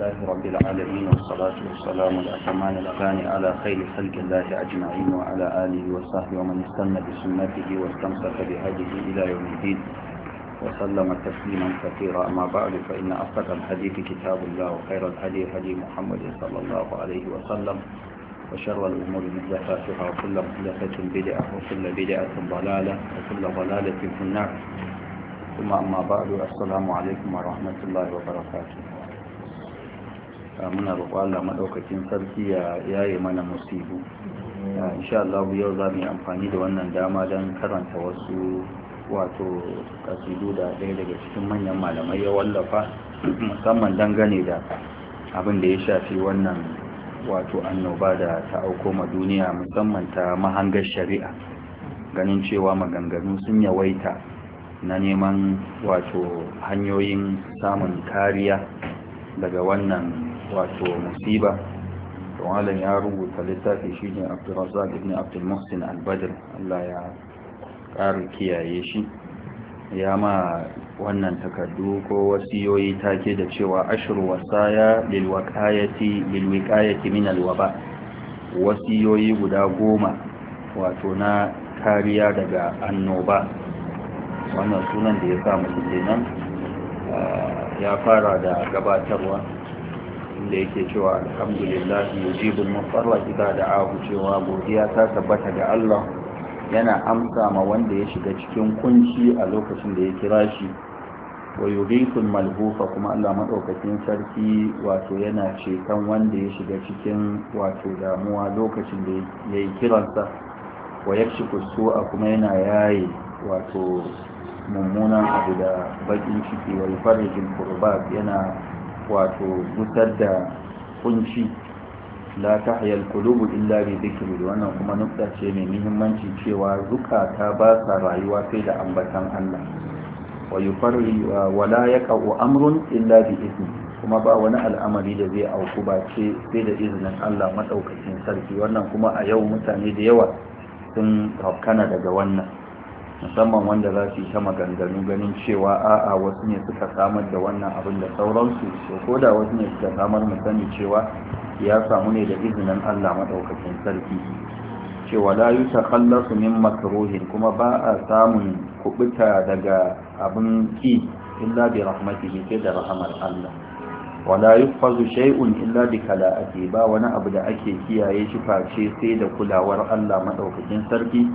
لله رب العالمين والصلاة والسلام الأتمان الأتمان على خير خلق الله أجمعين وعلى آله وصحبه ومن استنى بسنته واستمسك بهديه إلى يوم الدين وسلم تسليما كثيرا أما بعد فإن أصدق الحديث كتاب الله وخير الحديث هدي محمد صلى الله عليه وسلم وشر الأمور محدثاتها وكل محدثة بدعة وكل بدعة ضلالة وكل ضلالة في النار ثم أما بعد السلام عليكم ورحمة الله وبركاته Ah, muna roƙo Allah madaukakin sarki ya yaye mana musibu ah, insha Allah yau za mu yi amfani da wannan dama don karanta wasu wato kasidu da ɗaya daga cikin manyan malamai ya wallafa musamman dangane da abin da ya shafi wannan wato annoba da ta auko ma duniya musamman ta mahangar shari'a ganin cewa maganganu sun yawaita na neman wato hanyoyin samun kariya daga wannan wato musiba to malam ya rubuta littafi shine Abdurrazzaq ibn Abdul Muhsin Allah ya ƙara kiyaye shi ya ma wannan takardu ko wasiyoyi take da cewa ashru wasaya lil min alwaba wasiyoyi guda goma wato na kariya daga annoba wannan sunan da ya sa mutum ya fara da gabatarwa inda yake cewa alhamdulillah yujibul mutarra da da'ahu cewa godiya ta tabbata ga Allah yana amsa ma wanda ya shiga cikin kunci a lokacin da ya kira shi wa yughithul malhufa kuma Allah madaukakin sarki wato yana ceton wanda ya shiga cikin wato damuwa lokacin da ya yi kiransa wa yakshifu kuma yana yaye wato mummunan abu da bakin ciki wa farajin qurbat yana wato gusar da kunci la tahyal qulubu illa bi dhikri wannan kuma nukta ce mai muhimmanci cewa zukata ba sa rayuwa sai da ambatan Allah wa fari wa la yaqa'u amrun illa bi izni kuma ba wani al'amari da zai auku ba ce sai da izinin Allah maɗaukacin sarki wannan kuma a yau mutane da yawa sun rakkana daga wannan musamman wanda za su yi ta maganganu ganin cewa a'a wasu ne suka samar da wannan abin da sauransu so ko da wasu ne suka samar mu sani cewa ya samu ne da izinin Allah madaukakin sarki cewa la yutakhallasu min makruhin kuma ba a samun kubuta daga abin ki illa bi rahmatihi sai da rahmar Allah wala yufazu shay'un illa bi kala'ati ba wani abu da ake kiyaye shi face sai da kulawar Allah madaukakin sarki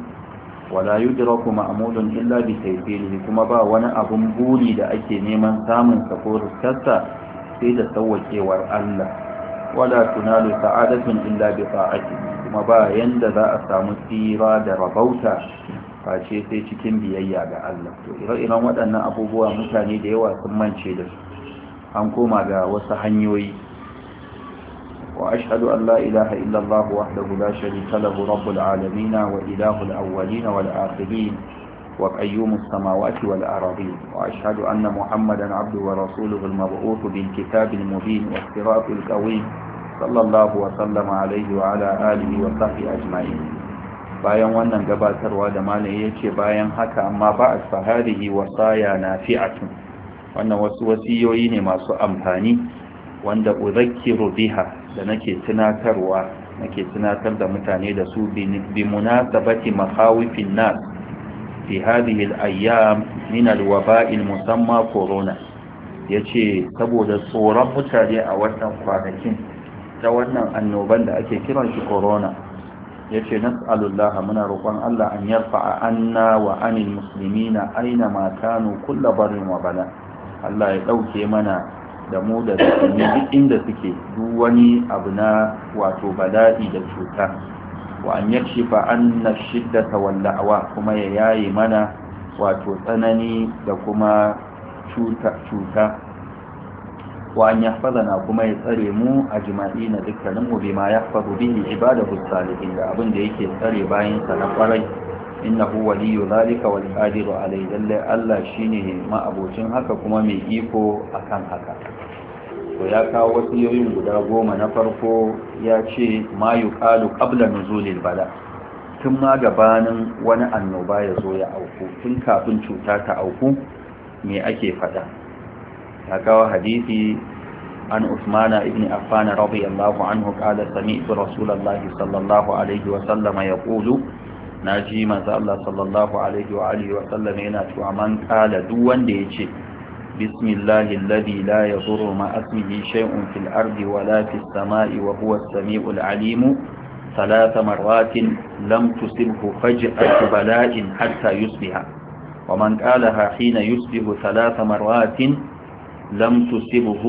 wala yudraku ma'mudun illa bi tayfihi kuma ba wani abun buri da ake neman samun sa kasa sai da sawwakewar Allah wala tunalu sa'adatun illa bi ta'atihi kuma ba yanda za a samu tsira da rabauta face sai cikin biyayya ga Allah to ire-iren waɗannan abubuwa mutane da yawa sun mance da su an koma ga wasu hanyoyi وأشهد أن لا إله إلا الله وحده لا شريك له رب العالمين وإله الأولين والآخرين وقيوم السماوات والأراضين وأشهد أن محمدا عبده ورسوله المبعوث بالكتاب المبين والصراط القويم صلى الله وسلم عليه وعلى آله وصحبه أجمعين bayan wannan gabatarwa da malaye yake bayan haka amma ba a saharihi wasaya nafi'atun wannan wasu wasiyoyi ne masu amfani wanda uzakiru biha da nake tunatarwa nake tunatar da mutane da su bi munasabati makawufin nas fi hadhihi al-ayyam min al-waba'il musamma corona yace saboda tsoron mutane a wannan kwanakin ta wannan annoban da ake kiran shi corona yace nas'alullaha muna roƙon Allah an yarfa'a anna wa anil muslimina aina ma kanu kullu ma wa bala Allah ya dauke mana da mu da duk inda suke duk wani abu na wato bala'i da cuta wa an yakshifa anna shiddata wallawa kuma ya yayi mana wato tsanani da kuma cuta cuta wa an na kuma ya tsare mu a jima'i na dukkanin mu bima yahfazu bihi ibadahu salihin da abin da yake tsare bayan sa na kwarai innahu waliyyu zalika wal qadiru alayhi lalle Allah shine ma abocin haka kuma mai iko akan haka to ya kawo wasiyoyin guda goma na farko ya ce ma yuqalu qabla nuzulil bala tun ma gabanin wani annoba ya zo ya auku tun kafin cuta ta auku me ake fada ya kawo hadisi an عثمان ibni عفان رضي الله عنه قال سمعت رسول الله صلى الله عليه وسلم يقول na ji maza Allah sallallahu alaihi wa alihi wa yana cewa man kala duk wanda ce bismillahi alladhi la yadurru ma ismihi shay'un fil ardi wa la fis samai wa huwa as-sami'ul alim ثلاث مرات لم تصبه فجأة بلاء حتى يصبح ومن قالها حين يصبح ثلاث مرات لم تصبه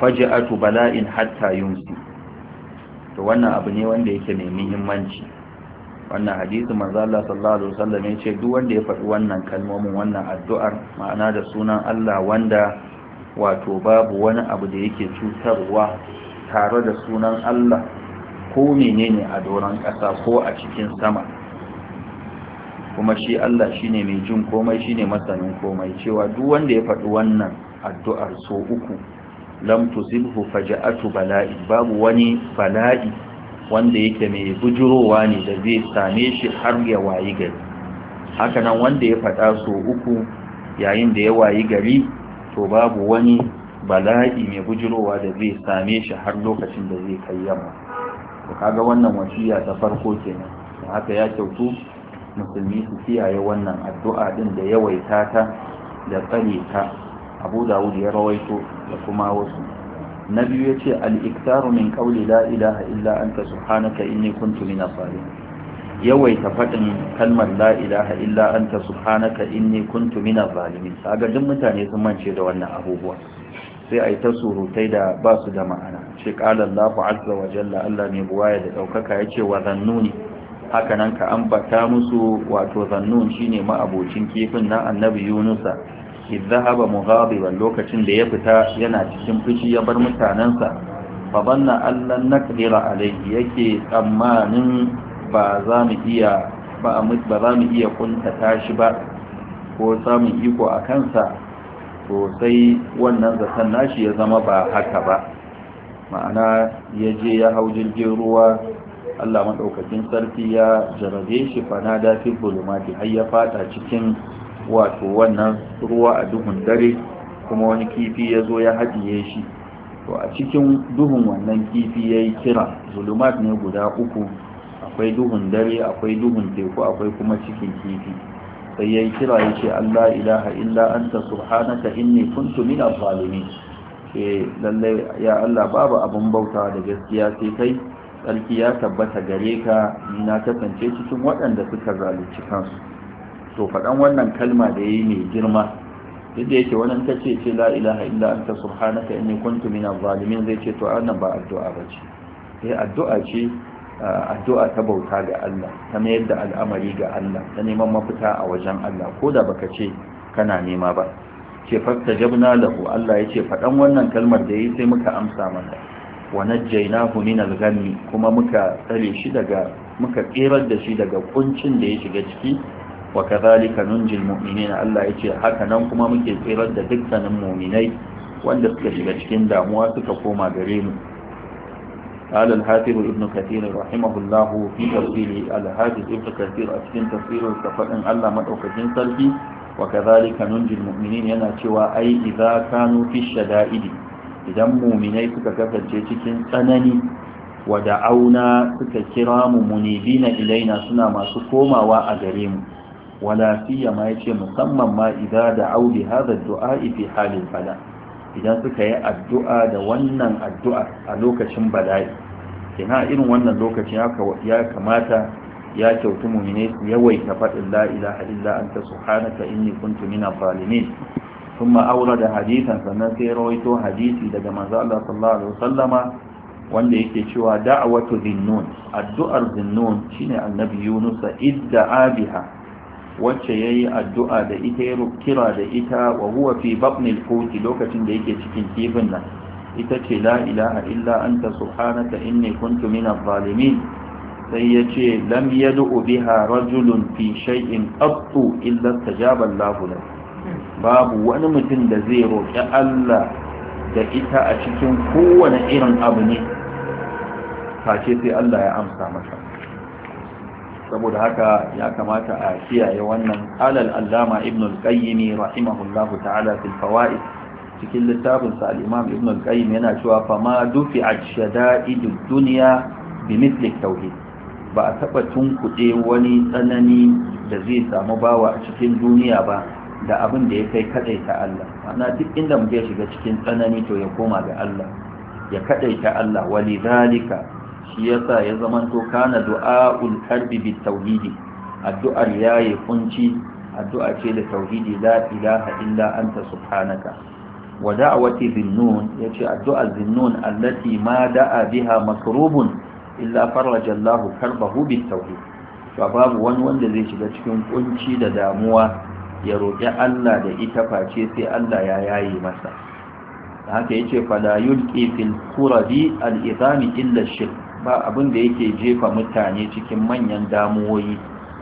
فجأة bala'in hatta يمسي to wannan abu ne wanda yake mai muhimmanci wannan hadisi manzo Allah sallallahu alaihi wasallam ya duk wanda ya faɗi wannan kalmomin wannan addu'ar ma'ana da sunan Allah wanda wato babu wani abu da yake cutarwa tare da sunan Allah ko menene a doron ƙasa ko a cikin sama kuma shi Allah shine mai jin komai shine masanin komai cewa duk wanda ya faɗi wannan addu'ar so uku lam tusibhu faja'atu bala'i babu wani bala'i wanda yake mai bujurowa ne da zai same shi har ya wayi gari nan wanda ya faɗa so uku yayin da ya wayi gari to babu wani bala'i mai bujurowa da zai same shi har lokacin da zai kai yamma to kaga wannan wasiya ta farko kenan haka ya kyautu musulmi su kiyaye wannan addu'a din da yawaita ta da tsare ta abu dawud ya rawaito da kuma wasu na biyu ya ce al'iktaru min ƙauli la'ilaha illa an ka subhanaka inni kuntu min asali yawaita faɗin kalmar la'ilaha illa an ka subhanaka inni kuntu min zalimin sagajin mutane sun mance da wannan abubuwa sai a yi ta surutai da ba su da ma'ana ce ƙalar lafi azza wa jalla allah mai buwaya da ɗaukaka ya ce wa zannuni haka nan ka ambata musu wato zannun shine ma'abocin kifin na annabi yunusa izahaba mughadiban lokacin da ya fita yana cikin fushi ya bar mutanansa fa banna allan naqdira alayhi yake tsammanin ba za mu iya ba ba za mu iya shi ba ko samun iko a kansa to sai wannan zatan nashi ya zama ba haka ba ma'ana ya je ya hau jirgin ruwa Allah maɗaukacin sarki ya jarabe shi fana da fi bulumati har ya fada cikin wato wannan ruwa a duhun dare kuma wani kifi ya zo ya hajiye shi to a cikin duhun wannan kifi ya yi kira zulumat ne guda uku akwai duhun dare akwai duhun teku akwai kuma cikin kifi sai ya yi kira ya ce allah ilaha illa anta subhanaka inni kuntu min zalimin ke eh, lallai ya allah babu abin bauta da gaskiya sai kai tsarki ya tabbata gare ka ni na kasance cikin waɗanda suka zalunci kansu to faɗan wannan kalma da yayi mai girma yadda yake wannan ta ce la ilaha illa ta subhanaka inni kuntu minaz zalimin zai ce to wannan ba addu'a bace eh addu'a ce addu'a ta bauta ga Allah ta mayar da al'amari ga Allah ta neman mafita a wajen Allah ko da baka ce kana nema ba ce fakta lahu Allah yace faɗan wannan kalmar da yi sai muka amsa masa wa najjaynahu min al-ghammi kuma muka tsare shi daga muka tserar da shi daga kuncin da ya shiga ciki wa kadhalika nunjil mu'minina Allah yace haka nan kuma muke tsirar da dukkanin mu'minai wanda suka shiga cikin damuwa suka koma gare mu قال الحافظ ابن كثير رحمه الله في تفسير الحافظ ابن كثير أسكن تفسير الكفر أن الله مدعوكين سلفي وكذلك ننجي المؤمنين يناتوا أي إذا كانوا في الشدائد إذا مؤمنين سككفر جيتكين سنني ودعونا سككرام منيبين إلينا سنا ما سكوما وأجريم wala siyama yace musamman ma idza da li hadha ad-du'a fi halin fala idan suka yi addu'a da wannan addu'ar a lokacin bala'i kina irin wannan lokacin ya kamata ya kyautu mu'mine su yawaita faɗin la ilaha illa anta subhanaka inni kuntu minadh zalimin thumma awrada hadithan sannan sai rawaito hadisi daga manzo Allah sallallahu alaihi wasallama wanda yake cewa da'awatu zinnun addu'ar zinnun shine annabi Yunus idda'a biha wacce ya yi addu'a da ita ya kira da ita wa huwa fi babnil koti lokacin da yake cikin kifin nan ita ce la ilaha illa an ta subhanaka inni kuntu minan zalimin sai ya ce lam yad'u biha rajulun fi shay'in qattu illa tajaba Allahu babu wani mutum da zai roƙi Allah da ita a cikin kowane irin abu ne face sai Allah ya amsa masa saboda haka ya kamata a kiyaye wannan alal allama ibn al-qayyim rahimahullahu ta'ala fil fawaid cikin littafin sa al-imam ibn al-qayyim yana cewa fa ma dufi'at shada'idud dunya bi mithli tauhid ba a taba tunkuɗe wani tsanani da zai samu bawa a cikin duniya ba da abin da ya kai kaɗaita Allah ana duk inda mu shiga cikin tsanani to ya koma ga Allah ya ta Allah walidhalika shi yasa ya zamanto kana du'a'ul karbi bit tauhidi addu'ar yayi kunci addu'a ce da tauhidi la ilaha illa anta subhanaka wa da'awati zinnun yace addu'a zinnun allati ma da'a biha makrubun illa faraja Allahu karbahu bit tauhid babu wani wanda zai shiga cikin kunci da damuwa ya roƙi Allah da ita face sai Allah ya yaye masa haka yace fala yulqi fil qurabi al-idami illa shirk ba abin da yake jefa mutane cikin manyan damuwoyi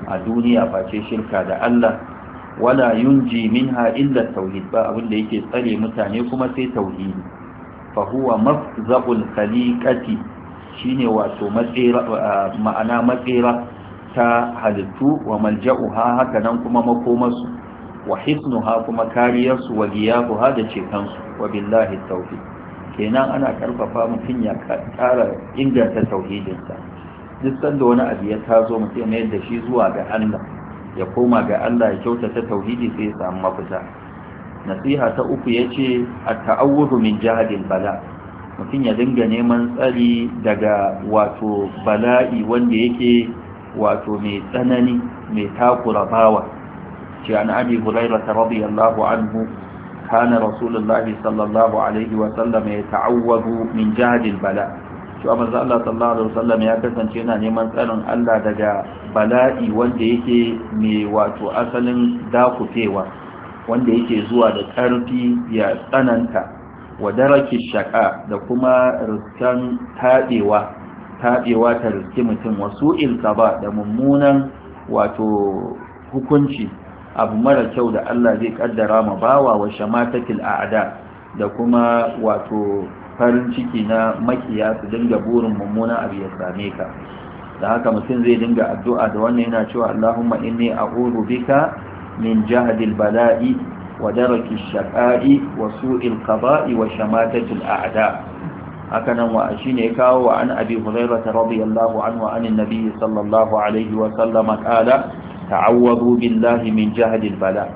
a duniya face shirka da Allah wala yunji minha illa tauhid ba abin da yake tsare mutane kuma sai tauhidi fa huwa mafzaqul khaliqati shine wato matsira ma'ana matsira ta halittu wa malja'uha haka nan kuma makomarsu wa hisnuha kuma kariyarsu wa giyabuha da cetonsu wa billahi tauhid kenan ana karfafa mutum ya ƙara inganta tauhidinsa duk sanda wani abu ya tazo mutum ne da shi zuwa ga Allah ya koma ga Allah ya kyautata tauhidi sai ya samu mafita nasiha ta uku yace "A taawudhu min jahadil bala mutum ya dinga neman tsari daga wato bala'i wanda yake wato mai tsanani mai takura bawa ce an abi hurairah radiyallahu anhu كان رسول الله صلى الله عليه وسلم يتعوذ من جهد البلاء شو أما الله صلى الله عليه وسلم يكسن شينا نمان تألن ألا دقى بلائي وانده يكي ميوات أسل داق تيوى وانده يكي زوى دكارتي يأسننك ودرك الشكاء دكما رسكن تائوى taɓewa ta riski mutum wasu ilkaba da mummunan wato hukunci abu mara kyau da Allah zai kaddara ma bawa wa shamatatil a'ada da kuma wato farin ciki na makiya su dinga burin mummuna abu ya same ka da haka mutum zai dinga addu'a da wannan yana cewa Allahumma inni a'udhu bika min jahdil bala'i wa daraki shaqa'i wa su'il qada'i wa shamatatil a'da haka nan wa shine ya kawo wa an abi hurairah radiyallahu anhu anin nabiy sallallahu alaihi wa sallama qala ta'awwadu billahi min jahdil bala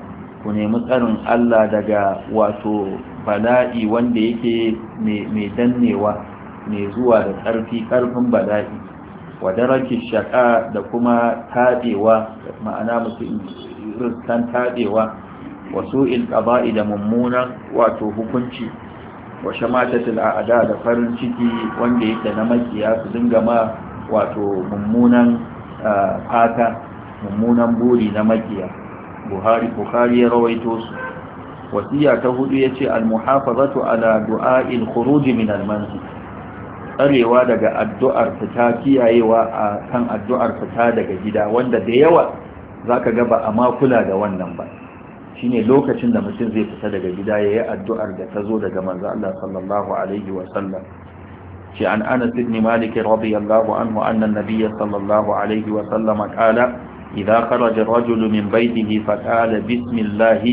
ku nemi tsarin Allah daga wato bala'i wanda yake mai dannewa mai zuwa da ƙarfi ƙarfin bala'i wa darakin da kuma taɗewa ma'ana mutum riskan taɗewa wa su'il da mummunan wato hukunci wa shamatatul ada da farin ciki wanda yake na makiya su dinga ma wato mummunan ah, fata mummunan buri na makiya buhari bukhari ya rawaito su wasiya ta hudu yace al-muhafazatu ala du'a'il khuruj min al tsarewa daga addu'ar fita kiyayewa a kan addu'ar fita daga gida wanda da yawa zaka ga ba a makula da wannan ba shine lokacin da mutum zai fita daga gida yayi addu'ar da ta zo daga manzo Allah sallallahu alaihi wa sallam shi an ana Sidni Malik radiyallahu anhu anna an sallallahu alaihi wa sallam qala إذا خرج الرجل من بيته فقال بسم الله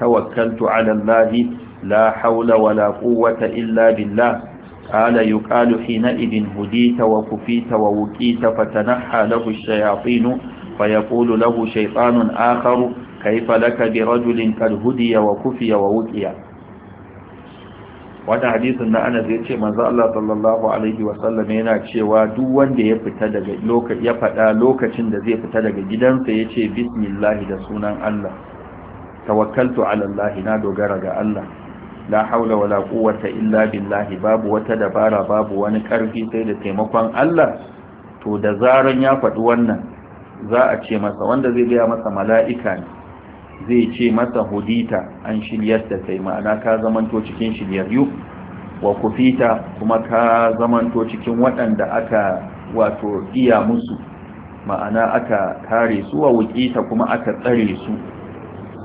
توكلت على الله لا حول ولا قوة إلا بالله قال يقال حينئذ هديت وكفيت ووكيت فتنحى له الشياطين فيقول له شيطان آخر كيف لك برجل قد هدي وكفي ووكي Wani hadisin na anas ya ce manzo Allah sallallahu alaihi wasallam yana cewa duk wanda ya fita daga lokaci ya fada lokacin da zai fita daga gidansa ya ce 'Bismillahi da sunan Allah tawakkaltu ala Allah na dogara ga Allah la haula wala quwwata illa billahi, babu wata dabara babu wani karfi sai da taimakon Allah to da zaran ya faɗi wannan za a ce masa wanda zai ga masa mala'ika ne zai ce masa hudita an shiryar da kai ma'ana ka zamanto cikin shiryayyu wa kufita kuma ka zamanto cikin waɗanda aka wato iya musu ma'ana aka kare su wa wukita kuma aka tsare su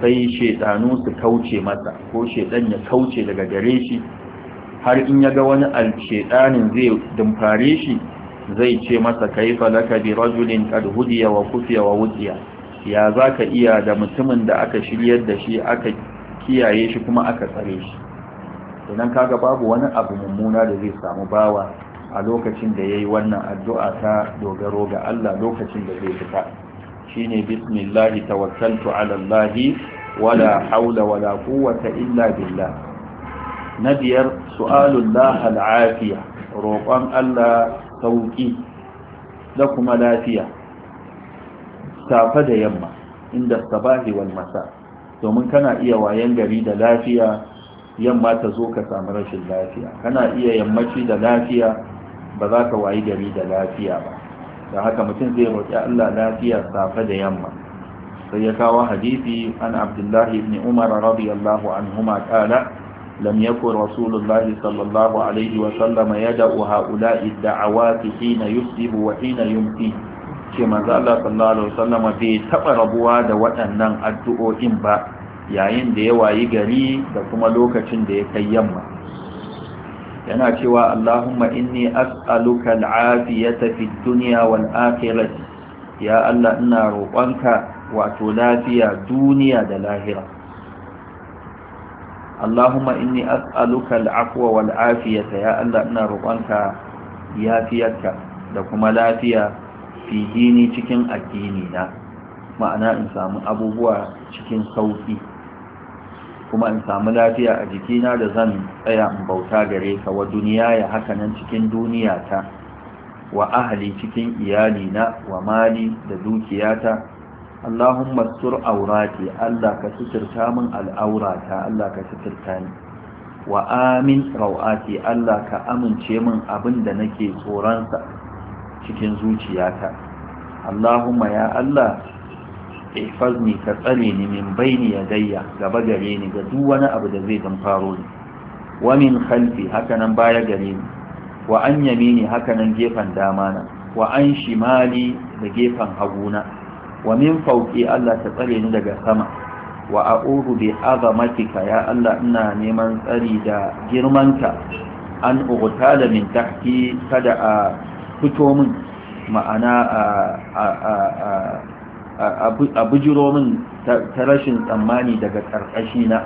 sai shedanu su kauce masa ko shedan ya kauce daga gare shi har in yaga ga wani alshedanin zai dumfare shi zai ce masa kaifa laka bi rajulin kad hudiya wa kufiya wa wudiya ya za ka iya da mutumin da aka shiryar da shi aka kiyaye shi kuma aka tsare shi idan kaga babu wani abu mummuna da zai samu bawa a lokacin da ya yi wannan addu'a ta dogaro ga Allah lokacin da zai fita shi ne bismillahi tawakkaltu alallahi wala haula wala quwwata illa billah na biyar su'alullah al-afiya, roƙon Allah sauƙi da kuma lafiya safa da yamma inda sabahi wal masa domin kana iya wayan gari da lafiya yamma ta zo ka samu rashin lafiya kana iya yammaci da lafiya ba za ka wayi gari da lafiya ba da haka mutum zai roƙi Allah lafiya safa da yamma sai ya kawo hadisi an abdullahi ibn umar radiyallahu anhuma qala lam yakun rasulullahi sallallahu alaihi wa sallama yad'u ha'ula'i ad-da'awati hina yusibu wa hina yumti ce manzo Allah sallallahu alaihi wasallam bai taba rabuwa da waɗannan addu'o'in ba yayin da ya wayi gari da kuma lokacin da ya kai yamma yana cewa Allahumma inni as'aluka al'afiyata fid dunya wal akhirah ya Allah ina roƙonka wato lafiya duniya da lahira Allahumma inni as'aluka al'afwa wal afiyata ya Allah ina roƙonka yafiyarka da kuma lafiya fi dini cikin addini na ma'ana in samu abubuwa cikin sauki kuma in samu lafiya a jikina da zan tsaya in bauta gare ka wa duniya ya nan cikin duniya ta wa ahli cikin iyali na wa mali da dukiyata Allahumma sur aurati Allah ka suturta min al'aurata Allah ka suturta ni wa amin rawati Allah ka amince min abin da nake tsoronsa. cikin zuciyata Allahumma ya Allah ihfazni ka tsare ni min baini yadayya gaba gare ni ga duk wani abu da zai damfaro ni wa min khalfi hakanan baya gare ni wa an yamini hakanan gefen dama na wa an shimali da gefen na. wa min fauki Allah ta tsare ni daga sama wa a'udhu bi azamatika ya Allah ina neman tsari da girmanka an ugtala min tahti kada a fito min ma'ana a bujiro min ta rashin tsammani daga ƙarƙashi na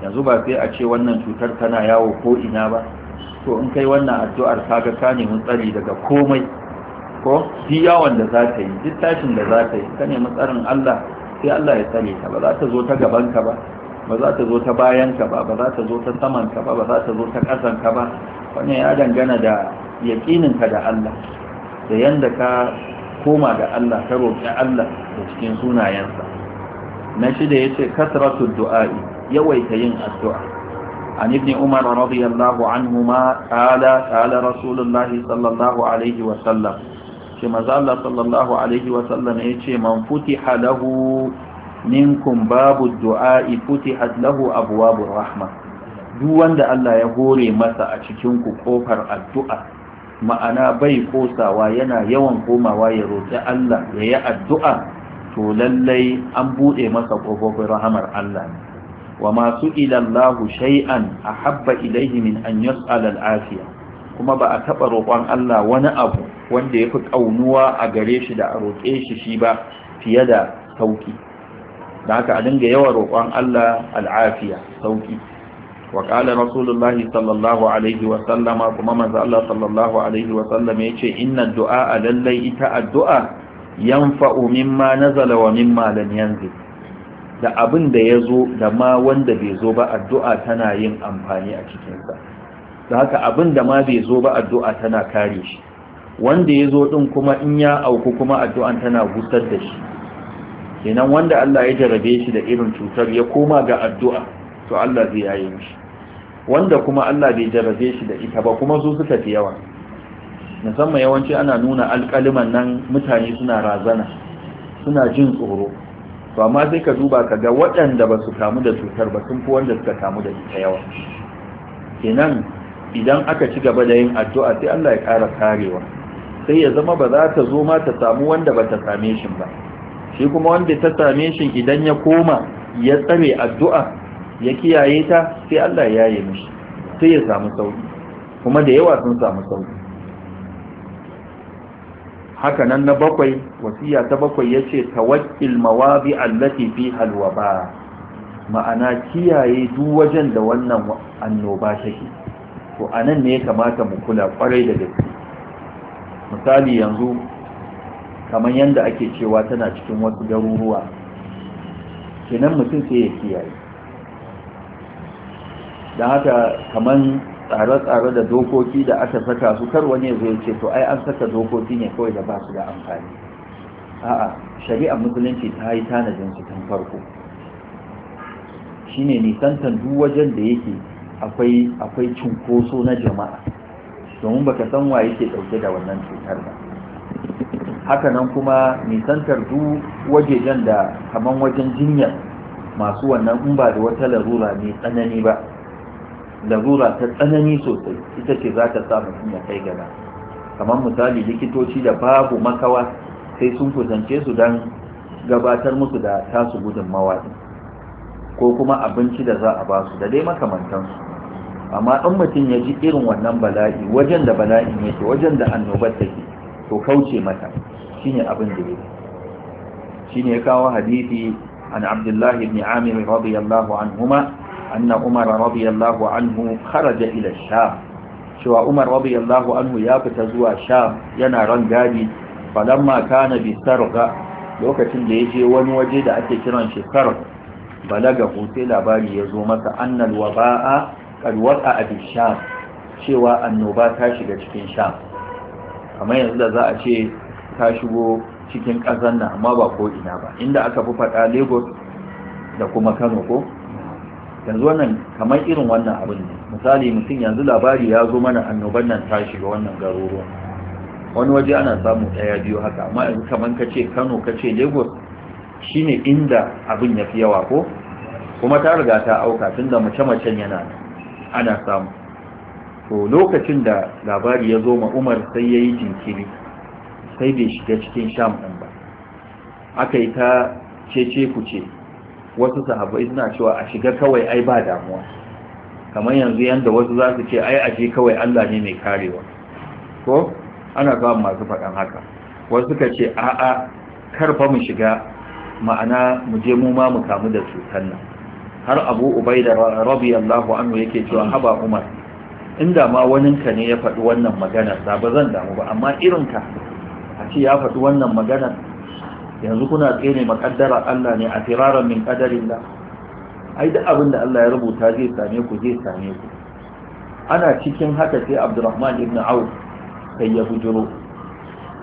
yanzu ba sai a ce wannan cutar tana yawo ko ina ba to in kai wannan addu'ar kaga ka nemi tsari daga komai ko fi yawon da za ta yi duk tashin da za ta yi ka nemi tsarin Allah sai Allah ya tsare ka ba za ta zo ta gabanka ba ba za ta zo ta bayanka ba ba za ta zo ta samanka ba ba za ta zo ta ƙasanka ba wannan ya dangana da yakininka da Allah da yanda ka koma ga Allah ka roƙi Allah da cikin sunayensa na shida yace kasratu du'a'i yawaita yin addu'a an ibn umar radiyallahu anhuma qala qala rasulullah sallallahu alaihi wa sallam shi manzo sallallahu alaihi wa sallam yace man futiha lahu minkum babu du'a'i futihat lahu abwabur rahmah duk wanda Allah ya hore masa a cikin ku kofar addu'a ma'ana bai kosawa yana yawan komawa ya roƙi Allah ya yi addu'a to lallai an buɗe masa ƙofofin rahamar Allah ne wa masu ilallahu shay'an a habba ilaihi min an yas'al afiya. kuma ba a taɓa roƙon Allah wani abu wanda ya fi ƙaunuwa a gare shi da a roƙe shi shi ba fiye da sauƙi da haka a dinga yawan roƙon Allah al'afiya sauƙi وقال رسول الله صلى الله عليه وسلم كما من الله صلى الله عليه وسلم يقول إن الدعاء للي إتاء الدعاء ينفع مما نزل ومما لم ينزل da abin da ya zo da ma wanda bai zo ba addu'a tana yin amfani a cikinsa da haka abin da ma bai zo ba addu'a tana kare shi wanda ya zo ɗin kuma in ya auku kuma addu'an tana gusar da shi kenan wanda Allah ya jarabe shi da irin cutar ya koma ga addu'a to Allah zai yaye mishi wanda kuma Allah bai jarabe shi da ita ba kuma su suka fi yawa musamman yawanci ana nuna alƙaliman nan mutane suna razana suna jin tsoro to amma sai ka duba ka ga waɗanda ba su kamu da cutar ba sun fi wanda suka kamu da ita yawa kenan idan aka ci gaba da yin addu'a sai Allah ya ƙara karewa sai ya zama ba za ta zo ma ta samu wanda ba ta same shi ba shi kuma wanda ta same shi idan ya koma ya tsare addu'a ya kiyaye ta sai Allah ya yi mishi sai ya samu sauki kuma da yawa sun samu sauki haka nan na bakwai wasiya ta bakwai yace tawakkil mawabi allati fi halwaba ma'ana kiyaye duk wajen da wannan annoba take to anan ne ya kamata mu kula kwarai da gaske misali yanzu kamar yanda ake cewa tana cikin wasu garuruwa kenan mutum sai ya kiyaye da haka kaman tsare-tsare da dokoki da aka saka su kar wani ya ce to ai an saka dokoki ne kawai da ba su da amfani a'a shari'ar musulunci ta yi tanadin su tun farko shine nisantan duk wajen da yake akwai akwai cunkoso na jama'a domin baka san wa yake dauke da wannan cutar ba haka nan kuma nisantar duk wajejen da kaman wajen jinyar masu wannan in ba da wata larura mai tsanani ba larura ta tsanani sosai ita ce za ta sa mutum ya kai gana kamar misali likitoci da babu makawa sai sun kusance su don gabatar musu da tasu gudun mawaɗi ko kuma abinci da za a ba su da dai makamantansu amma in mutum ya ji irin wannan bala'i wajen da bala'in yake wajen da annobar take to kauce mata shine abin da ya shi ne ya kawo hadisi an abdullahi ibn amir radiyallahu anhuma anna umar radiyallahu anhu kharaja ila sham cewa umar radiyallahu anhu ya fita zuwa sha yana ran gadi falamma kana bi lokacin da ya je wani waje da ake kiran shi sarg balaga sai labari ya zo masa annal waba'a qad waqa'a bi sham cewa annoba ta shiga cikin sha kamar yanzu da za a ce ta shigo cikin ƙasar nan amma ba ko ina ba inda aka fi faɗa lagos da kuma kano ko yanzu wannan kamar irin wannan abin ne misali mutum yanzu labari ya zo mana annoban nan ta shiga wannan garuruwa wani waje ana samu ɗaya biyu haka amma yanzu kamar ka ce kano ka ce lagos shine inda abin ya fi yawa ko kuma ta riga ta auka tun da mace-macen yana ana samu to lokacin da labari ya zo ma umar sai ya yi jinkiri sai bai shiga cikin sham ɗin ba aka yi ta cece kuce wasu sahabbai suna cewa a shiga kawai ai ba damuwa kamar yanzu yanda wasu za su ce ai a kawai Allah ne mai karewa ko ana samun masu faɗan haka wasu suka ce a'a karfa mu shiga ma'ana mu je mu ma mu kamu da cutar nan har abu ubaida radiyallahu anhu yake cewa haba umar inda ma waninka ne ya faɗi wannan maganar ba zan damu ba amma irinka a ce ya faɗi wannan maganar yanzu kuna tsere makaddara Allah ne a firaran min kadarin da ai duk abin da Allah ya rubuta zai same ku zai same ku ana cikin haka sai Abdurrahman ibn au kai ya bujuro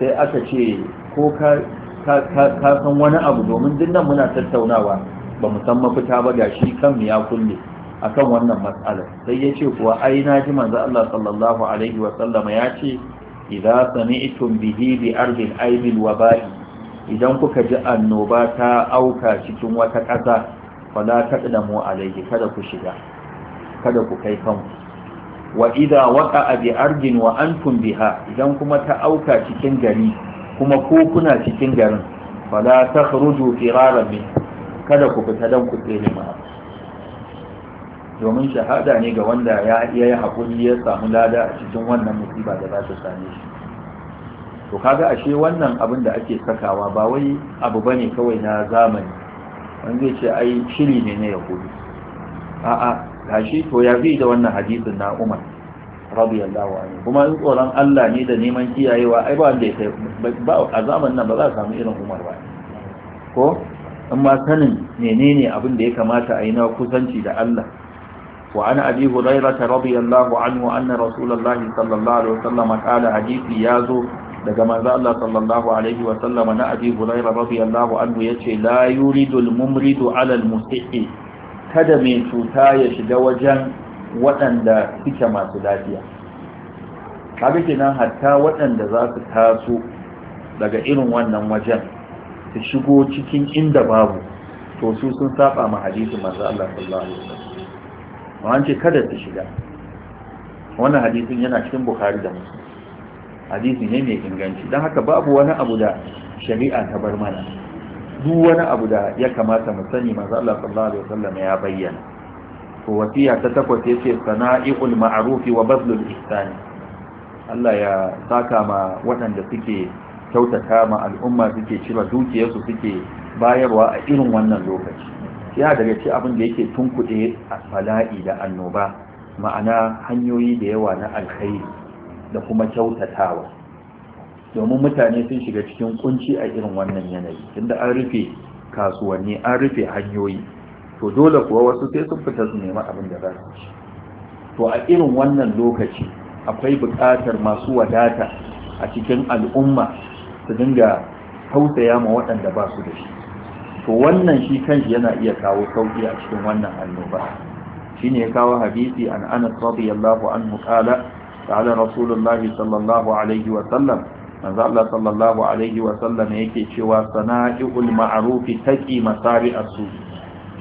sai aka ce ko ka ka san wani abu domin duk nan muna tattaunawa ba mu san mafita ba gashi kan mu ya kulle akan wannan matsalar sai ya ce kuwa ai na ji manzo Allah sallallahu alaihi wa sallama ya ce idza sami'tum bihi bi ardil aybil waba'i idan kuka ji annoba ta auka cikin wata ƙasa fala taqdamu alayhi kada ku shiga kada ku kai kanku wa idza waqa'a bi ardin wa antum biha idan kuma ta auka cikin gari kuma ko kuna cikin garin fala takhruju firaran min kada ku fita dan ku tsere ma domin shahada ne ga wanda ya yi haƙuri ya samu lada a cikin wannan musiba da za ta same shi to kaga ashe wannan abin da ake sakawa ba wai abu bane kawai na zamani an zai ce ai shiri ne na yahudu a'a gashi to ya zai da wannan hadisin na umar radiyallahu anhu kuma in tsoron Allah ne da neman kiyayewa ai ba wanda ya kai ba a zamanin nan ba za a samu irin umar ba ko in ma sanin menene abin da ya kamata a yi na kusanci da Allah وعن أبي هريرة رضي الله عنه أن رسول الله صلى الله عليه وسلم قال حديث يازو daga manzo Allah sallallahu alaihi wa sallam na Abi Hurairah radiyallahu anhu yace la yuridu al-mumridu ala al-mustihi kada mai cuta ya shiga wajen waɗanda suke masu lafiya kaga kenan hatta waɗanda za su taso daga irin wannan wajen su shigo cikin inda babu to su sun saba ma hadisin manzo Allah sallallahu alaihi wa sallam ce kada su shiga wannan hadisin yana cikin Bukhari da Muslim hadisi ne mai inganci don haka babu wani abu da shari'a ta bar mana duk wani abu da ya kamata mu sani masu Allah sallallahu alaihi wasallam ya bayyana to wasiya ta takwas yace sana'iul maarufi wa bazlul ihsan Allah ya saka ma waɗanda suke kyautata ma al'umma suke cire dukiyarsu suke bayarwa a irin wannan lokaci ya daga ci abin da yake tunkuɗe a fala'i da annoba ma'ana hanyoyi da yawa na alkhairi da kuma kyautatawa domin mutane sun shiga cikin kunci a irin wannan yanayi inda an rufe kasuwanni an rufe hanyoyi to dole kuwa wasu sai sun fita su nemi abin da za su ci to a irin wannan lokaci akwai buƙatar masu wadata a cikin al'umma su dinga tausaya ma waɗanda ba su da shi to wannan shi kanshi yana iya kawo sauƙi a cikin wannan annoba shine ya kawo hadisi an Anas radiyallahu anhu qala قال رسول الله صلى الله عليه manzo Allah sallallahu alaihi wa sallam yake cewa sana'iul ma'rufi taqi masari'asu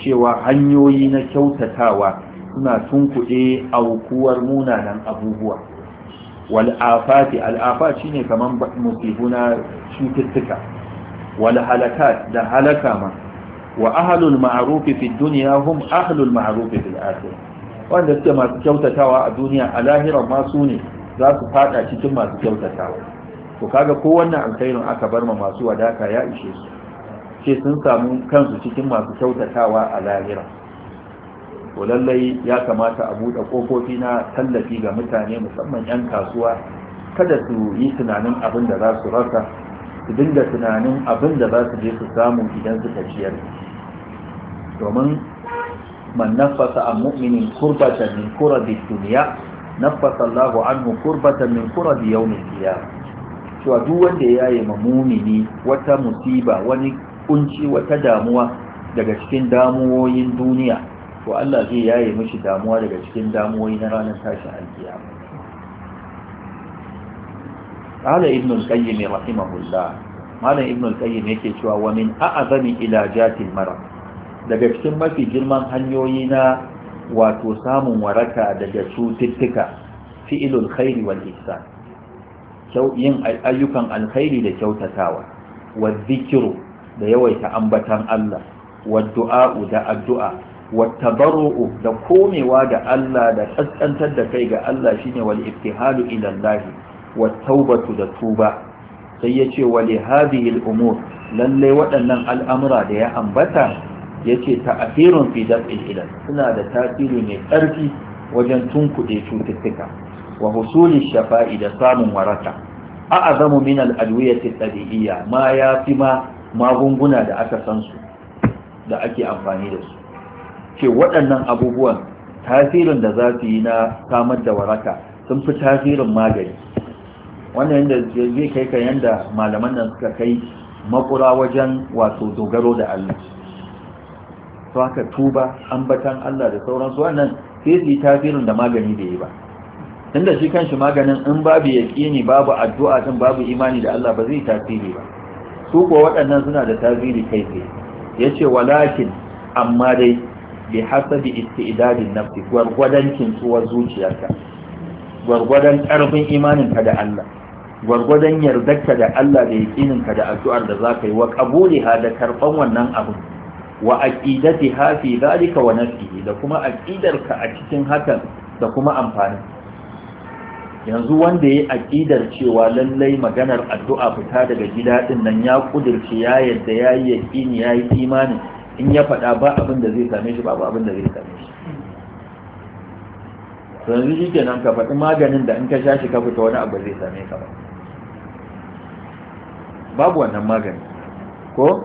cewa hanyoyi na kyautatawa suna tunkuɗe aukuwar munanan abubuwa wal afati al afati shine kaman musibuna cututtuka wal halakat da halaka ma wa ahlul ma'rufi fid dunya hum ahlul ma'arufi fil akhirah wanda suke masu kyautatawa a duniya a lahiran masu ne za su fada cikin masu kyautatawa to kaga ko wannan alkhairin aka bar ma masu wadaka ya ishe su ce sun samu kansu cikin masu kyautatawa a lahira to lallai ya kamata a buɗe ƙofofi na tallafi ga mutane musamman 'yan kasuwa kada su yi tunanin abin da za su rasa su dinga tunanin abin da za su je su samu idan suka ciyar domin man nafasa an mu'minin kurbatan min kurabi duniya nafasa Allahu anhu kurbatan min kurabi yawmin qiyamah cewa duk wanda ya yi ma wata musiba wani kunci wata damuwa daga cikin damuwoyin duniya to Allah zai yaye mishi damuwa daga cikin damuwoyi na ranar tashin alkiyama قال ابن القيم رحمه الله قال ابن القيم yake cewa wa min a'zami ilajatil marad daga cikin mafi girman hanyoyi na wato samun waraka daga cututtuka fi'ilul khairi wal ihsan yin ayyukan alkhairi da kyautatawa wa zikiru da yawaita ambatan Allah wa du'a'u da addu'a wa tabarru'u da komewa da Allah da kaskantar da kai ga Allah shine wal ibtihalu ila Allah wa taubatu da tuba sai yace wa li hadhihi al umur lalle waɗannan al'amura da ya ambata yace ta'athirun fi daf'il ilal suna da tasiri mai ƙarfi wajen tunkuɗe cututtuka wa husuli shafa'i da samun waraka a'azamu min al-adwiyati tabi'iyya ma yafi ma magunguna da aka san su da ake amfani da su ce waɗannan abubuwan tasirin da za su yi na samar da waraka sun fi tasirin magani wannan yadda zai kai ka yadda malaman nan suka kai makura wajen wato dogaro da Allah to haka tuba ambatan Allah da sauransu wannan sai su yi tafirin da magani da yi ba tunda shi kanshi maganin in babu yaƙini babu addu'a tun babu imani da Allah ba zai tasiri ba su kuwa waɗannan suna da tasiri kai ya yace walakin amma dai bi hasabi istidadin nafsi gwargwadon kintsuwar zuciyarka gwargwadon ƙarfin imaninka da Allah gwargwadon yardarka da Allah da yaƙininka da addu'ar da za ka yi wa ƙabuli hada da wannan abin wa ha fi zalika wa nafihi da kuma aqidarka a cikin hakan da kuma amfani yanzu wanda yayi aqidar cewa lallai maganar addu'a fita daga gida din nan ya kudirce ya yadda yayi ya yayi imani in ya faɗa ba abin da zai same shi ba abin da zai same shi yanzu shi kenan ka faɗi maganin da in ka sha shi ka fita wani abu zai same ka ba babu wannan magani ko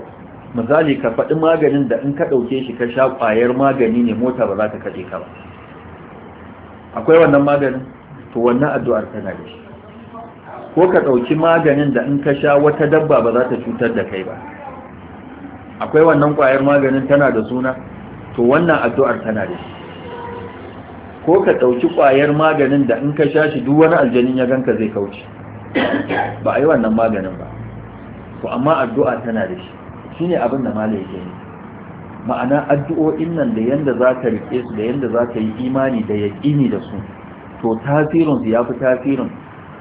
misali ka faɗi maganin da in ka ɗauke shi ka sha ƙwayar magani ne mota ba za ta kaɗe ka ba akwai wannan maganin to wannan addu'ar tana da shi ko ka ɗauki maganin da in ka sha wata dabba ba za ta cutar da kai ba akwai wannan ƙwayar maganin tana da suna to wannan addu'ar tana da shi ko ka ɗauki ƙwayar maganin da in ka sha shi duk wani aljanin ya ganka zai kauce ba a yi wannan maganin ba to amma addu'a tana da shi shine abin da malai yake yi ma'ana addu'o'in nan da yanda za ka rike su da yanda za ka yi imani da yaƙini da su to tasirinsu ya fi tasirin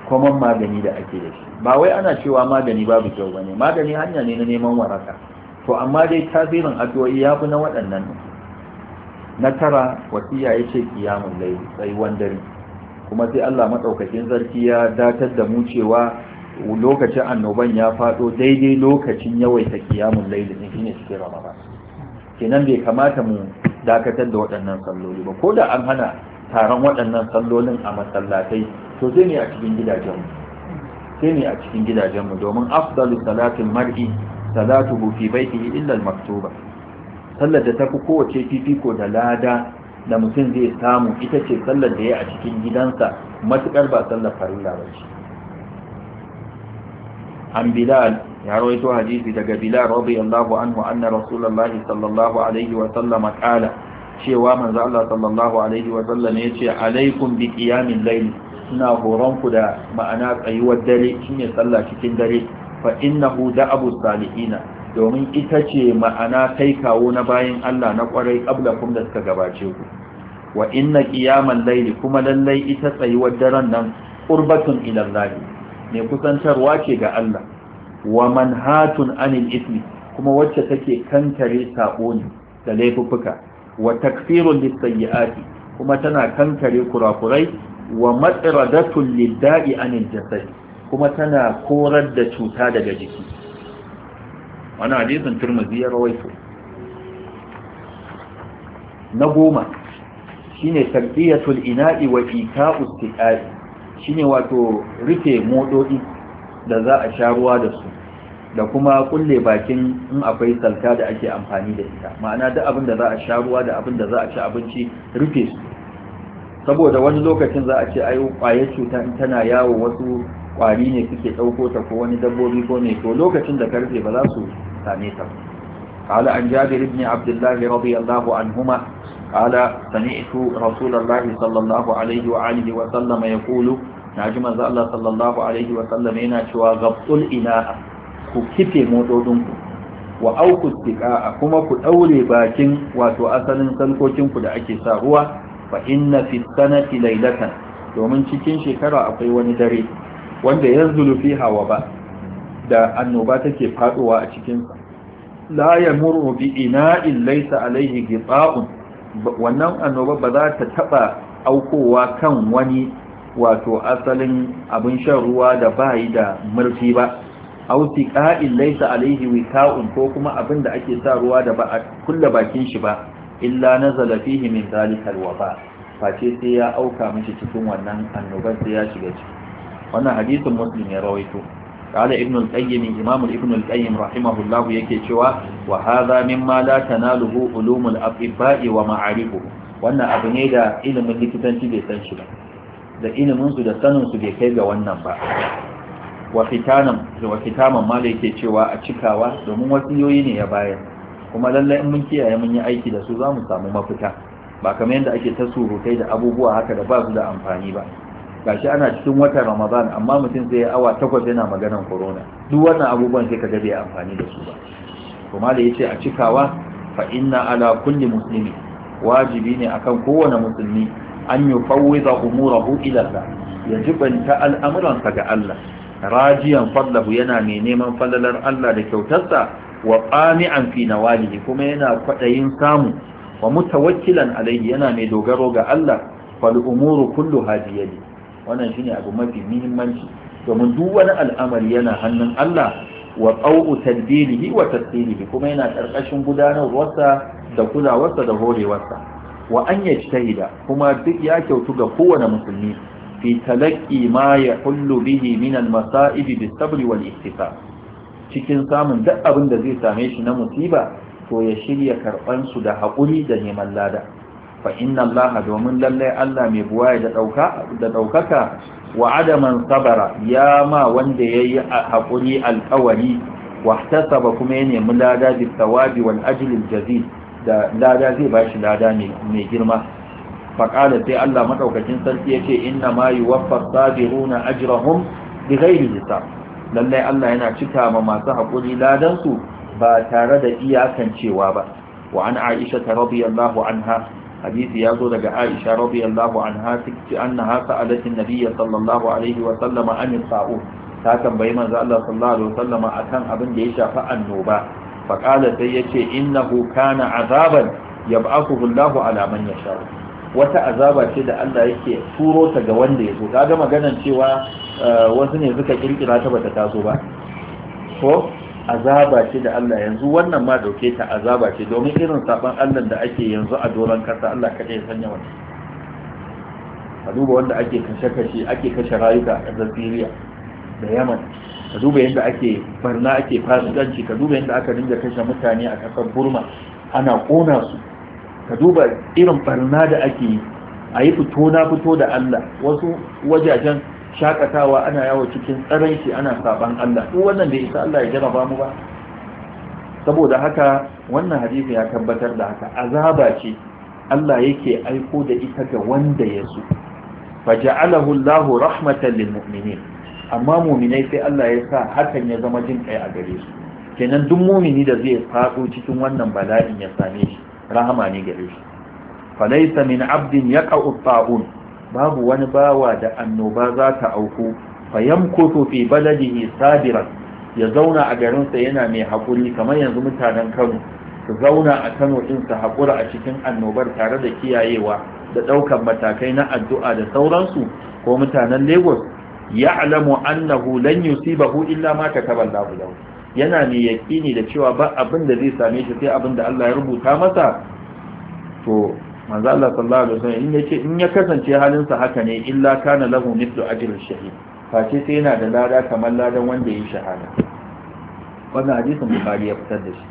kwaman magani da ake da shi ba wai ana cewa magani babu kyau ba ne magani hanya ne na neman waraka to amma dai tasirin addu'o'i ya fi na waɗannan na tara wasiya ya ce kiyamun lai tsayuwan dare kuma sai allah maɗaukakin sarki ya datar da mu cewa lokacin annoban ya faɗo daidai lokacin yawaita kiyamun laili in shine cikin ramadan kenan bai kamata mu dakatar da waɗannan salloli ba ko da an hana taron waɗannan sallolin a masallatai to zai ne a cikin gidajenmu sai ne a cikin domin afdalu salatin mar'i salatuhu fi baitihi illa al-maktuba sallar da ta fi kowace fifiko da lada da mutum zai samu ita ce sallar da ya a cikin gidansa matukar ba sallar farilla ba ce عن بلال يرويت حديث دق بلال رضي الله عنه أن رسول الله صلى الله عليه وسلم قال شيوا من الله صلى الله عليه وسلم يشي عليكم horonku da ma'ana tsayuwar dare shine tsalla cikin dare fa'innahu innahu da'abu salihina domin ita ce ma'ana kai kawu na bayan Allah na kwarai qablakum da suka gabace ku wa inna qiyamal kuma lallai ita tsayuwar daren nan qurbatun ila Allah mai kusantarwa ce ga Allah wa manhatun anil ismi kuma wacce take kankare sabo ne da laifuffuka wa takfirun lisayyiati kuma tana kankare kurakurai wa matsiradatun lidda'i anil jasad kuma tana korar da cuta daga jiki wannan hadisin turmuzi ya rawaito na goma shine tarbiyatul ina'i wa ika'us tiqai shine wato rufe moɗoɗi da za a sha ruwa da su da kuma kulle bakin in akwai salka da ake amfani da ita ma'ana duk abin da za a sha ruwa da abin da za a ci abinci rufe su saboda wani lokacin za a ce ai kwayar cuta in tana yawo wasu kwari ne suke ɗauko ta ko wani dabbobi ko ne to lokacin da karfe ba za su same ta قال عن جابر بن عبد الله رضي الله عنهما قال سمعت رسول الله صلى الله عليه وآله وسلم يقول na ji manzo Allah sallallahu alaihi wa yana cewa gabtul ina'a ku kife motodin wa auku tiqa'a kuma ku daure bakin wato asalin salkokinku da ake sa ruwa fa inna fi sanati laylatan domin cikin shekara akwai wani dare wanda yanzulu fiha wa ba da annoba take faduwa a cikin sa la yamuru bi ina'in laysa alaihi gita'un wannan annoba ba za ta taba aukowa kan wani wato asalin abin shan ruwa da yi da murfi ba auti ƙa'in laisa alaihi wita'un ko kuma abin da ake sa ruwa da ba a kulle bakin shi ba illa na zalafihi min zalikar ba. face sai ya auka mishi cikin wannan annobar sai ya shiga ciki wannan hadisin muslim ya rawaito قال ابن القيم إمام ابن القيم رحمه الله يكيشوا وهذا wa لا Wannan abu ne da ilimin likitanci bai san shi ba. da iliminsu da saninsu bai kai ga wannan ba wa fitanan fitaman ma yake cewa a cikawa domin wasiyoyi ne ya bayan. kuma lallai in mun kiyaye mun yi aiki da su za mu samu mafita ba kamar yadda ake ta surutai da abubuwa haka da ba su da amfani ba gashi ana cikin wata ramadan amma mutum zai awa takwas yana maganan corona duk wannan abubuwan sai kaga bai amfani da su ba kuma da yace a cikawa fa inna ala kulli muslimi wajibi ne akan kowane musulmi an yi fawwiza umurahu ilarsa ya jibanta al'amuransa ga Allah rajiyan fallahu yana mai neman falalar Allah da kyautarsa wa qani'an fi nawalihi kuma yana kwaɗayin samu wa wakilan alaihi yana mai dogaro ga Allah fal umuru kullu hadiyati wannan shine abu mafi muhimmanci domin duk wani al'amari yana hannun Allah wa qaw'u tadbirihi wa tasirihi kuma yana ƙarƙashin gudanarwarsa da kulawarsa da horewarsa wa an yajtahida kuma duk ya kyautu ga kowane musulmi fi talaqi ma yahullu bihi min al-masa'ib bis wal-ihtisab cikin samun duk abin da zai same shi na musiba to ya shirya karban su da haƙuri da neman lada fa inna allaha domin lallai Allah mai buwaye da dauka da daukaka wa adaman sabara ya ma wanda yayi haƙuri alƙawari wahtasaba kuma ya nemi lada bis-sawabi wal-ajli al-jazil da lada zai ba shi lada mai girma faƙalar sai Allah maɗaukacin sarki ya ce inna ma yi waffar na ajirahun bi gairi hisa lallai Allah yana cika ma masu haƙuri ladansu ba tare da iyakancewa ba wa an aisha ta radiyallahu anha hadisi ya zo daga aisha radiyallahu anha tikci annaha sa'alatin Nabiya sallallahu alaihi wa sallama an sa'u ta tambayi manzo Allah sallallahu alaihi wa sallama akan abin da ya shafi annoba faƙala sai ya ce innahu kana azaban yab'athuhu Allahu alaman man yasha wata azaba ce da Allah yake turo ta ga wanda ka ga maganan cewa wasu ne suka kirkira ta bata taso ba ko azaba ce da Allah yanzu wannan ma dauke ta azaba ce domin irin saban Allah da ake yanzu a doron kasa Allah kaɗai ya sanya wani a duba wanda ake kashe-kashe ake kashe rayuka a Zazziriya da Yaman ka duba yadda ake barna ake fasikanci ka duba yadda aka dinga kashe mutane a kasar burma ana kona su ka duba irin barna da ake yi a yi fito na fito da allah wasu wajajen shakatawa ana yawo cikin tsaranci ana saban allah duk wannan da isa allah ya ba mu ba saboda haka wannan hadisi ya tabbatar da haka azaba ce allah yake aiko da ita ga wanda ya so faja'alahu allah rahmatan lil mu'minin amma muminai sai Allah ya sa hakan ya zama jin kai a gare su kenan duk mumini da zai faɗo cikin wannan bala'in ya same shi rahama ne gare shi laysa min abdin yaqa'u ta'un babu wani bawa da annoba za ta auku yamkutu fi baladihi sabiran ya zauna a garinsa yana mai hakuri kamar yanzu mutanen Kano su zauna a Kano din su haƙura a cikin annobar tare da kiyayewa da ɗaukar matakai na addu'a da sauransu ko mutanen Lagos ya'lamu annahu lan yusibahu illa ma kataba lahu yana ne yakini da cewa ba abin da zai same shi sai abin da Allah ya rubuta masa to manzo Allah sallallahu alaihi wasallam in yace in ya kasance halin sa haka ne illa kana lahu mithlu ajril shahid face sai yana da lada kamar ladan wanda ya shahada wannan hadisin bukhari ya fitar da shi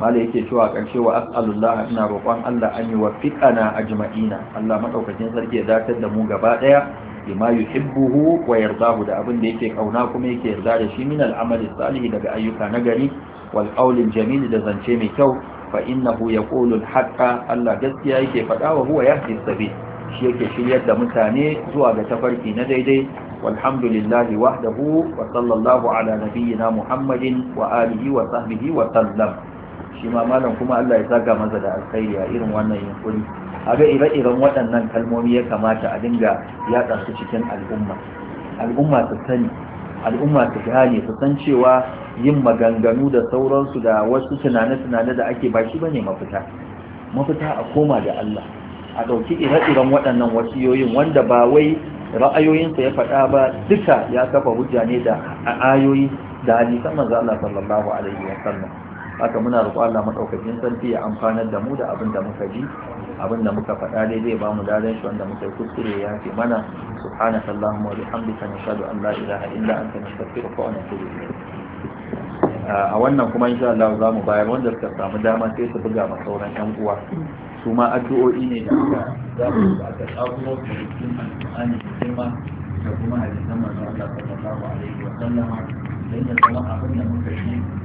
mala yake cewa ƙarshe wa as'alullah ina roƙon Allah an yi wa fiqana ajma'ina Allah madaukakin sarki ya datar da mu gaba daya bima yuhibbuhu wa yardahu da abin da yake kauna kuma yake yarda da shi min al'amali salih daga ayyuka nagari wal qawlil jamil da zance mai kyau fa innahu yaqulu al-haqqa Allah gaskiya yake faɗa wa huwa yahdi sabil shi yake shiryar da mutane zuwa ga tafarki na daidai walhamdulillahi wahdahu wa sallallahu ala nabiyyina muhammadin wa alihi wa sahbihi wa sallam shi ma malam kuma Allah ya saka masa da alkhairi a irin wannan yunkuri a ga ire-iren waɗannan kalmomi ya kamata a dinga yaɗa su cikin al'umma al'umma su sani al'umma su gane su san cewa yin maganganu da sauransu da wasu tunane-tunane da ake ba shi bane mafita mafita a koma da Allah a ɗauki ire-iren waɗannan wasiyoyin wanda ba wai ra'ayoyinsa ya faɗa ba duka ya kafa hujja ne da ayoyi da hadisan manzo Allah sallallahu alaihi wa sallam haka muna roƙo Allah madaukakin sarki ya amfanar da mu da abin da muka ji abin da muka faɗa daidai ba mu dadan shi wanda muka yi kuskure ya fi mana subhanaka allahumma wa bihamdika nashhadu an la ilaha illa anta nastaghfiruka wa natubu ilayk ah, a wannan kuma insha Allah za mu bayar wanda suka samu dama sai su buga ma sauran yan uwa su ma addu'o'i ne da aka za mu ta tsawo da yi kuma da kuma hadisan manzo Allah sallallahu alaihi wa sallam dan ya zama abin da muka shi